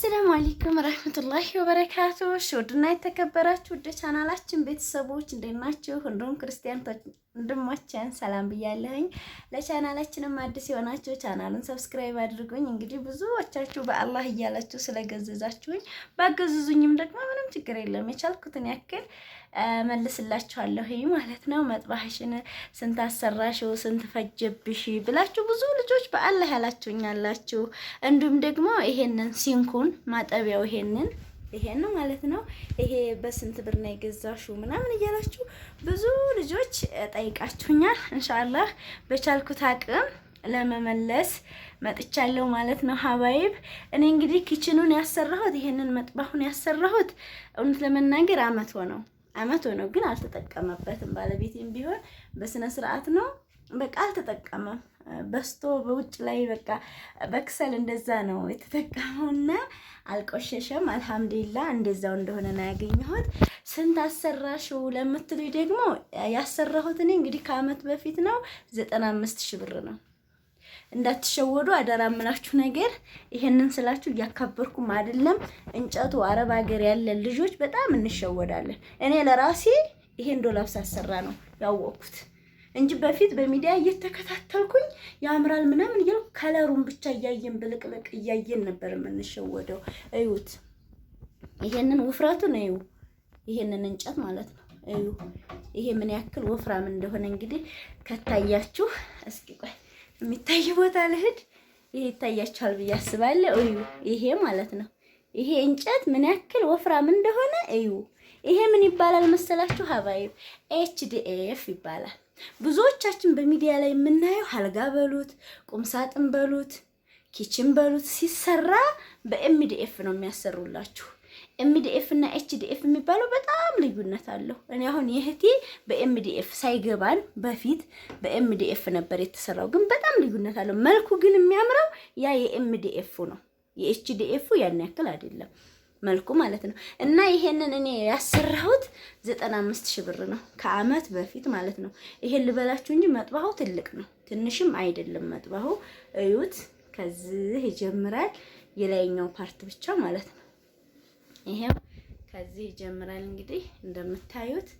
አሰላሙ አለይኩም ረህመቱላሂ ወበረካቱ። ውድና የተከበራችሁ ውድ ቻናላችን ቤተሰቦች እንዴት ናችሁ? እንዲሁም ክርስቲያን ወንድሞቼን ሰላም ብያለሁኝ። ለቻናላችንም አዲስ የሆናችሁ ቻናሉን ሰብስክራይብ አድርጉኝ። እንግዲህ ብዙዎቻችሁ በአላህ እያላችሁ ስለገዘዛችሁኝ ባገዘዙኝም ደግሞ ምንም ችግር የለም የቻልኩትን ያክል መልስላችኋለሁኝ ማለት ነው። መጥባሽን ስንት አሰራሽው ስንት ፈጀብሽ ብላችሁ ብዙ ልጆች በአላህ ያላችሁኝ አላችሁ። እንዲሁም ደግሞ ይሄንን ሲንኩን ማጠቢያው ይሄንን ይሄን ነው ማለት ነው። ይሄ በስንት ብር ነው የገዛሹ ምናምን እያላችሁ ብዙ ልጆች ጠይቃችሁኛል። እንሻላህ በቻልኩት አቅም ለመመለስ መጥቻለሁ ማለት ነው። ሀባይብ እኔ እንግዲህ ኪችኑን ያሰራሁት ይሄንን መጥባሁን ያሰራሁት እውነት ለመናገር አመት ሆነው አመት ሆነው ግን አልተጠቀመበትም። ባለቤቴም ቢሆን በስነ ስርዓት ነው በቃ አልተጠቀመም። በስቶ በውጭ ላይ በቃ በክሰል እንደዛ ነው የተጠቀመውና አልቆሸሸም። አልሐምዱሊላ እንደዛው እንደሆነ ነው ያገኘሁት። ስንት አሰራሽው ለምትሉኝ ደግሞ ያሰራሁት እኔ እንግዲህ ከአመት በፊት ነው። ዘጠና አምስት ሺህ ብር ነው። እንዳትሸወዱ አደራ የምላችሁ ነገር ይሄንን ስላችሁ እያካበርኩም አይደለም። እንጨቱ አረብ ሀገር ያለን ልጆች በጣም እንሸወዳለን። እኔ ለራሴ ይሄን ዶላብስ አሰራ ነው ያወቅኩት። እንጂ በፊት በሚዲያ እየተከታተልኩኝ ያምራል ምናምን እያልኩ ከለሩን ብቻ እያየን ብልቅልቅ እያየን ነበር የምንሸወደው። እዩት፣ ይሄንን ውፍረቱን እዩ፣ ይሄንን እንጨት ማለት ነው እዩ። ይሄ ምን ያክል ወፍራም እንደሆነ እንግዲህ ከታያችሁ፣ እስኪ ቆይ የሚታይ ቦታ ልሂድ። ይሄ ይታያችኋል ብዬ አስባለሁ። እዩ፣ ይሄ ማለት ነው ይሄ እንጨት ምን ያክል ወፍራም እንደሆነ እዩ። ይሄ ምን ይባላል መሰላችሁ? ሀባይብ ኤችዲኤፍ ይባላል። ብዙዎቻችን በሚዲያ ላይ የምናየው አልጋ በሉት ቁምሳጥን በሉት ኪችን በሉት ሲሰራ በኤምዲኤፍ ነው የሚያሰሩላችሁ። ኤምዲኤፍ እና ኤችዲኤፍ የሚባለው በጣም ልዩነት አለው። እኔ አሁን የእህቴ በኤምዲኤፍ ሳይገባን በፊት በኤምዲኤፍ ነበር የተሰራው፣ ግን በጣም ልዩነት አለው። መልኩ ግን የሚያምረው ያ የኤምዲኤፉ ነው። የኤችዲኤፉ ያን ያክል አይደለም። መልኩ ማለት ነው። እና ይሄንን እኔ ያሰራሁት ዘጠና አምስት ሺህ ብር ነው ከአመት በፊት ማለት ነው። ይሄን ልበላችሁ እንጂ መጥባሁ ትልቅ ነው፣ ትንሽም አይደለም መጥባሁ። እዩት፣ ከዚህ ይጀምራል የላይኛው ፓርት ብቻ ማለት ነው። ይሄው ከዚህ ይጀምራል እንግዲህ እንደምታዩት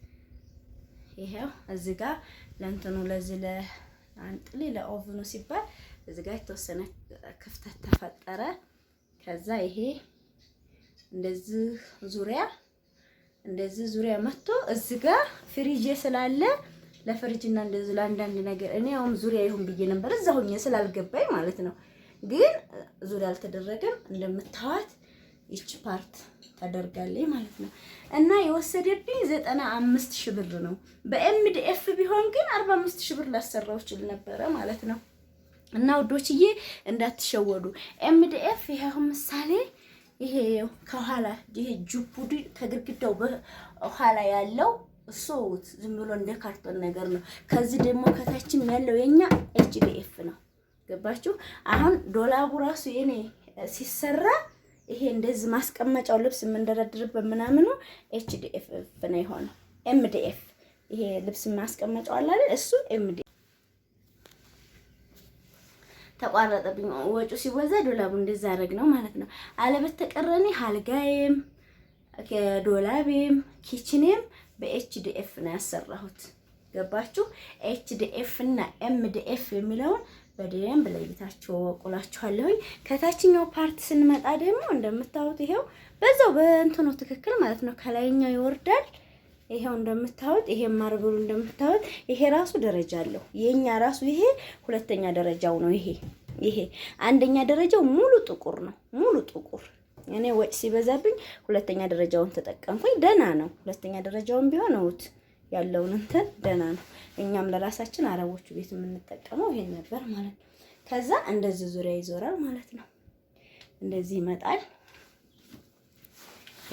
ይሄው እዚህ ጋር ለእንትኑ ለዚህ ለአንጥሊ ለኦቭኑ ሲባል እዚህ ጋር የተወሰነ ክፍተት ተፈጠረ። ከዛ ይሄ እንደዚህ ዙሪያ እንደዚህ ዙሪያ መጥቶ እዚህ ጋር ፍሪጅ ስላለ ለፍሪጅ እንደዚህ ለአንዳንድ ነገር እኔ ዙሪያ ይሁን ብዬ ነበር እዛ ሆኜ ስላልገባኝ ማለት ነው። ግን ዙሪያ አልተደረገም። እንደምታዋት ይች ፓርት ማለት ነው። እና የወሰደብኝ ዘጠና አምስት ሺህ ብር ነው። በኤምዲኤፍ ቢሆን ግን አርባ አምስት ሺህ ብር ላሰራው ይችል ነበረ ማለት ነው። እና ውዶችዬ እንዳትሸወዱ ኤምዲኤፍ ይሄው ምሳሌ ይሄ ከኋላ ይሄ ከግድግዳው በኋላ ያለው እሱ ዝም ብሎ እንደ ካርቶን ነገር ነው። ከዚህ ደግሞ ከታችም ያለው የኛ ኤችዲኤፍ ነው። ገባችሁ? አሁን ዶላሩ ራሱ የኔ ሲሰራ ይሄ እንደዚህ ማስቀመጫው ልብስ የምንደረድርበት ምናምኑ ኤችዲኤፍ ነው የሆነው። ኤምዲኤፍ ይሄ ልብስ ማስቀመጫው አለ አይደል? እሱ ኤምዲ ተቋረጠብኝ። ወጩ ሲወዛ ዶላቡ እንደዛ አደረግ ነው ማለት ነው። አለበተቀረኔ አልጋዬም፣ ዶላቤም፣ ኪችኔም በኤችዲኤፍ ነው ያሰራሁት። ገባችሁ? ኤችዲኤፍ እና ኤምዲኤፍ የሚለውን በደንብ ለይታችሁ ወቁላችኋለሁኝ። ከታችኛው ፓርት ስንመጣ ደግሞ እንደምታዩት ይሄው በዛው በእንትኑ ትክክል ማለት ነው። ከላይኛው ይወርዳል ይሄው እንደምታዩት ይሄ ማርብሉ እንደምታዩት ይሄ ራሱ ደረጃ አለው። የኛ ራሱ ይሄ ሁለተኛ ደረጃው ነው። ይሄ ይሄ አንደኛ ደረጃው ሙሉ ጥቁር ነው። ሙሉ ጥቁር እኔ ወጭ ሲበዛብኝ ሁለተኛ ደረጃውን ተጠቀምኩኝ። ደና ነው። ሁለተኛ ደረጃውን ቢሆን እውት ያለውን እንትን ደና ነው። እኛም ለራሳችን አረቦቹ ቤት የምንጠቀመው ይሄን ነበር ማለት ነው። ከዛ እንደዚህ ዙሪያ ይዞራል ማለት ነው። እንደዚህ ይመጣል።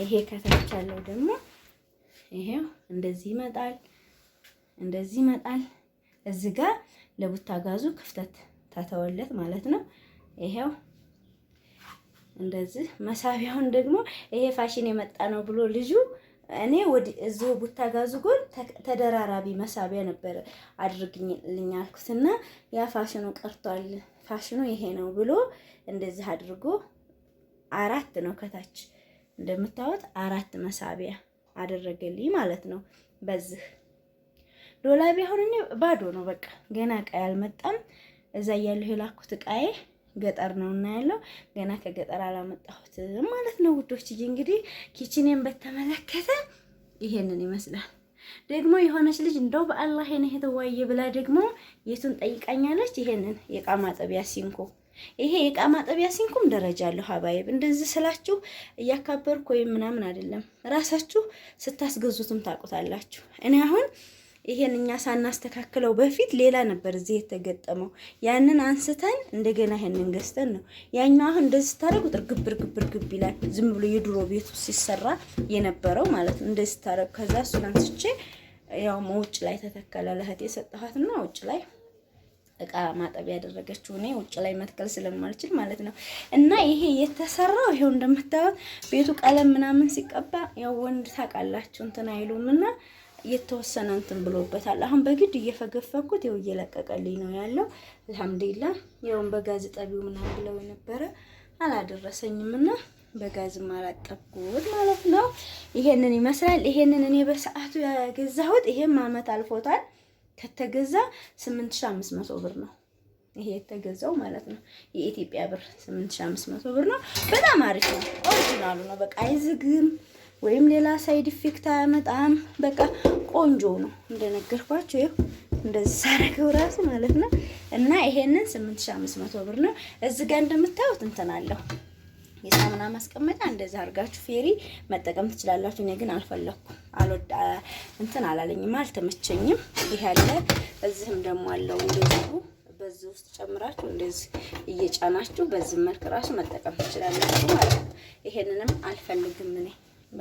ይሄ ከተቻለው ደግሞ ይሄው እንደዚህ ይመጣል፣ እንደዚህ ይመጣል። እዚህ ጋር ለቡታ ጋዙ ክፍተት ተተወለት ማለት ነው። ይሄው እንደዚህ መሳቢያውን ደግሞ ይሄ ፋሽን የመጣ ነው ብሎ ልጁ እኔ ወዲ እዚሁ ቡታ ጋዙ ጎን ተደራራቢ መሳቢያ ነበር አድርግልኝ አልኩትና ያ ፋሽኑ ቀርቷል። ፋሽኑ ይሄ ነው ብሎ እንደዚህ አድርጎ አራት ነው ከታች እንደምታዩት አራት መሳቢያ አደረገልኝ ማለት ነው። በዚህ ዶላቢ ቢሆን እኔ ባዶ ነው በቃ ገና እቃዬ አልመጣም። እዛ እያለሁ የላኩት እቃዬ ገጠር ነው እና ያለው ገና ከገጠር አላመጣሁትም ማለት ነው ውዶች። እንግዲህ ኪችኔን በተመለከተ ይሄንን ይመስላል። ደግሞ የሆነች ልጅ እንደው በአላህ የነህ የተዋየ ብላ ደግሞ የቱን ጠይቃኛለች? ይሄንን የእቃ ማጠቢያ ሲንኮ ይሄ የእቃ ማጠቢያ ሲንኩም ደረጃ አለው። ሀባይብ እንደዚህ ስላችሁ እያካበርኩ ወይም ምናምን አይደለም። ራሳችሁ ስታስገዙትም ታውቁታላችሁ። እኔ አሁን ይሄን እኛ ሳናስተካክለው በፊት ሌላ ነበር እዚህ የተገጠመው። ያንን አንስተን እንደገና ይሄንን ገዝተን ነው ያኛው። አሁን እንደዚህ ስታደርጉ ጥርግብ ርግብ ርግብ ይላል። ዝም ብሎ የድሮ ቤቱ ሲሰራ የነበረው ማለት ነው። እንደዚህ ስታደርጉ ከዛ እሱን አንስቼ ያው ውጭ ላይ ተተከለ። ለእህቴ የሰጠኋትና ውጭ ላይ እቃ ማጠብ ያደረገችው እኔ ውጭ ላይ መትከል ስለማልችል ማለት ነው። እና ይሄ የተሰራው ይሄው እንደምታዩት ቤቱ ቀለም ምናምን ሲቀባ ያው ወንድ ታውቃላችሁ እንትን አይሉም እና የተወሰነ እንትን ብሎበታል። አሁን በግድ እየፈገፈኩት ይኸው እየለቀቀልኝ ነው ያለው። አልሐምዱሊላ ያውን በጋዝ ጠቢው ምናምን ብለው የነበረ አላደረሰኝም እና በጋዝም አላጠብኩት ማለት ነው። ይሄንን ይመስላል። ይሄንን እኔ በሰዓቱ ያገዛሁት ይሄም አመት አልፎታል። ከተገዛ 8500 ብር ነው። ይሄ የተገዛው ማለት ነው። የኢትዮጵያ ብር 8500 ብር ነው። በጣም አሪፍ ነው። ኦሪጂናሉ ነው። በቃ አይዝግም ወይም ሌላ ሳይድ ኢፌክት አያመጣም። በቃ ቆንጆ ነው። እንደነገርኳቸው ይሄ እንደዚህ ሳረገው ራሱ ማለት ነው እና ይሄንን 8500 ብር ነው። እዚህ ጋር እንደምታዩት እንትን አለው የሳሙና ማስቀመጫ እንደዚህ አድርጋችሁ ፌሪ መጠቀም ትችላላችሁ። እኔ ግን አልፈለኩ አልወዳ እንትን አላለኝም፣ አልተመቸኝም። ይሄ ያለ እዚህም ደግሞ አለው እንደዚሁ በዚህ ውስጥ ጨምራችሁ እንደዚህ እየጫናችሁ በዚህ መልክ ራሱ መጠቀም ትችላላችሁ ማለት ነው። ይሄንንም አልፈልግም እኔ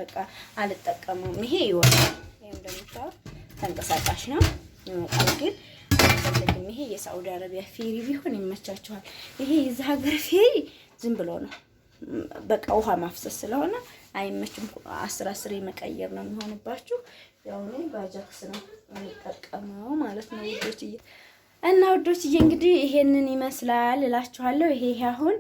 በቃ አልጠቀመውም። ይሄ ይወጣል። ይሄ እንደምታዩት ተንቀሳቃሽ ነው ይወጣል ግን አልፈልግም። ይሄ የሳዑዲ አረቢያ ፌሪ ቢሆን ይመቻችኋል። ይሄ የዚህ ሀገር ፌሪ ዝም ብሎ ነው በቃ ውሃ ማፍሰስ ስለሆነ አይመችም። አስር አስር መቀየር ነው የሚሆንባችሁ። ያው እኔ ባጃክስ ነው የሚጠቀመው ማለት ነው ውዶችዬ እና ውዶችዬ እንግዲህ ይሄንን ይመስላል እላችኋለሁ። ይሄ አሁን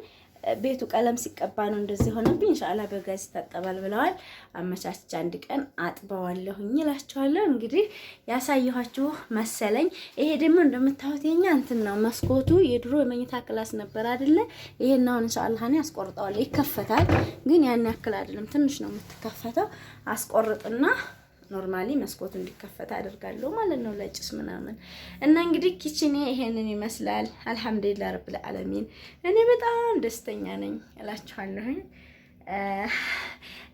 ቤቱ ቀለም ሲቀባ ነው እንደዚህ ሆነብኝ። እንሻላ በጋዝ ይታጠባል ብለዋል። አመቻችቼ አንድ ቀን አጥበዋለሁኝ ይላችኋለሁ። እንግዲህ ያሳየኋችሁ መሰለኝ። ይሄ ደግሞ እንደምታዩት የኛ እንትን ነው መስኮቱ የድሮ የመኝታ ክላስ ነበር አይደለ? ይሄን አሁን ኢንሻአላ እኔ አስቆርጠዋለሁ። ይከፈታል፣ ግን ያን ያክል አይደለም። ትንሽ ነው የምትከፈተው። አስቆርጥና ኖርማሊ መስኮቱ እንዲከፈት አደርጋለሁ ማለት ነው፣ ለጭስ ምናምን እና እንግዲህ ኪችኔ ይሄንን ይመስላል። አልሐምዱሊላህ ረብል ዓለሚን እኔ በጣም ደስተኛ ነኝ እላችኋለሁኝ።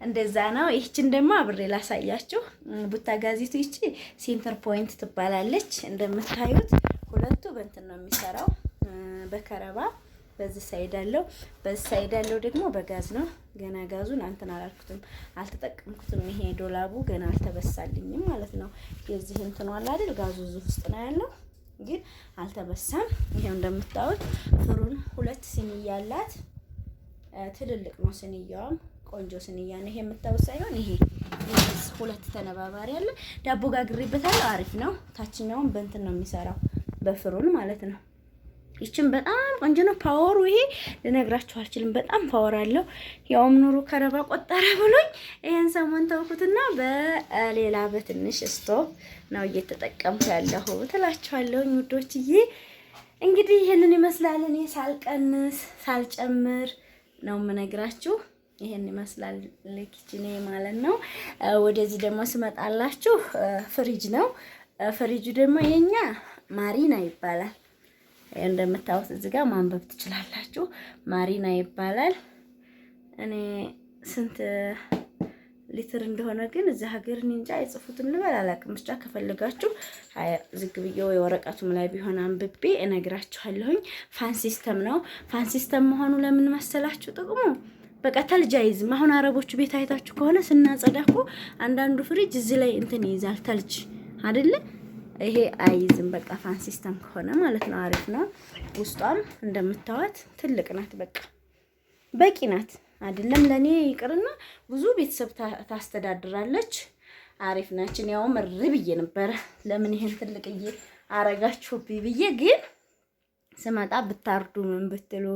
እንደዛ ነው። ይህችን ደግሞ አብሬ ላሳያችሁ። ቡታ ጋዜቱ ይቺ ሴንተር ፖይንት ትባላለች። እንደምታዩት ሁለቱ በእንትን ነው የሚሰራው፣ በከረባ በዚህ ሳይድ አለው፣ በዚህ ሳይድ አለው ደግሞ በጋዝ ነው ገና ጋዙን አንተን አላልኩትም አልተጠቀምኩትም። ይሄ ዶላቡ ገና አልተበሳልኝም ማለት ነው። የዚህ እንትኑ አለ አይደል ጋዙ እዚህ ውስጥ ነው ያለው፣ ግን አልተበሳም። ይሄው እንደምታዩት ፍሩን ሁለት ሲኒ ያላት ትልልቅ ነው ስንያውም ቆንጆ ስንያ ነው። ይሄ የምታዩት ሳይሆን ይሄ ሁለት ተነባባሪ አለ። ዳቦ ጋግሬበታለሁ። አሪፍ ነው። ታችኛውን በእንትን ነው የሚሰራው በፍሩን ማለት ነው። ይችን በጣም ቆንጆ ነው። ፓወሩ ይሄ ልነግራችሁ አልችልም። በጣም ፓወር አለው። ያውም ኑሮ ከረባ ቆጠረ ብሎኝ ይሄን ሰሞን ተውኩትና በሌላ በትንሽ ስቶቭ ነው እየተጠቀምኩ ያለሁ ትላችኋለሁ ውዶችዬ። እንግዲህ ይሄንን ይመስላል። እኔ ሳልቀንስ ሳልጨምር ነው የምነግራችሁ። ይሄን ይመስላል ለኪችኔ ማለት ነው። ወደዚህ ደግሞ ስመጣላችሁ ፍሪጅ ነው። ፍሪጁ ደግሞ የኛ ማሪና ይባላል። እንደምታዩት እዚህ ጋር ማንበብ ትችላላችሁ። ማሪና ይባላል። እኔ ስንት ሊትር እንደሆነ ግን እዚህ ሀገር እንጃ አይጽፉትም ልበል አላውቅም። ብቻ ከፈለጋችሁ ዝግ ብዬ ወይ ወረቀቱም ላይ ቢሆን አንብቤ እነግራችኋለሁኝ። ፋን ሲስተም ነው። ፋን ሲስተም መሆኑ ለምን መሰላችሁ ጥቅሙ? በቃ ተልጃይዝም አሁን አረቦቹ ቤት አይታችሁ ከሆነ ስናጸዳኩ አንዳንዱ ፍሪጅ እዚህ ላይ እንትን ይይዛል ተልጅ አይደለም? ይሄ አይዝም። በቃ ፋን ሲስተም ከሆነ ማለት ነው። አሪፍ ነው። ውስጧም እንደምታዋት ትልቅ ናት። በቃ በቂ ናት። አይደለም ለኔ ይቅርና ብዙ ቤተሰብ ታስተዳድራለች። አሪፍ ናችን። ያውም ር ብዬ ነበረ ለምን ይሄን ትልቅዬ አረጋችሁብኝ ብዬ ግን ስመጣ ብታርዱ ምን ብትሉ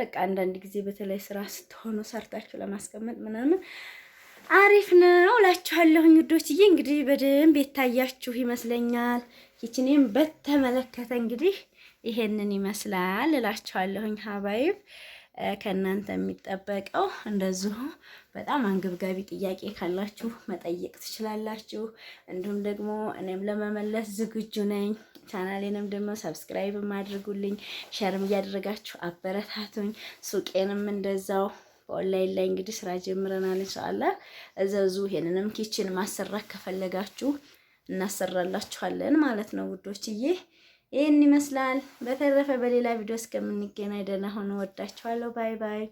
በቃ አንዳንድ ጊዜ በተለይ ስራ ስትሆኑ ሰርታችሁ ለማስቀመጥ ምናምን አሪፍ ነው እላችኋለሁኝ ውዶችዬ። እንግዲህ በደንብ የታያችሁ ይመስለኛል። ኪችኔም በተመለከተ እንግዲህ ይሄንን ይመስላል እላችኋለሁኝ ሀባይብ ከእናንተ የሚጠበቀው እንደዚሁ በጣም አንገብጋቢ ጥያቄ ካላችሁ መጠየቅ ትችላላችሁ። እንዲሁም ደግሞ እኔም ለመመለስ ዝግጁ ነኝ። ቻናሌንም ደግሞ ሰብስክራይብ አድርጉልኝ፣ ሸርም እያደረጋችሁ አበረታቱኝ። ሱቄንም እንደዛው ኦንላይን ላይ እንግዲህ ስራ ጀምረናል። እንሻላ እዘዙ። ይሄንንም ኪችን ማሰራት ከፈለጋችሁ እናሰራላችኋለን ማለት ነው ውዶችዬ። ይህን ይመስላል። በተረፈ በሌላ ቪዲዮ እስከምንገናኝ ደህና ሆኖ ወዳችኋለሁ። ባይ ባይ።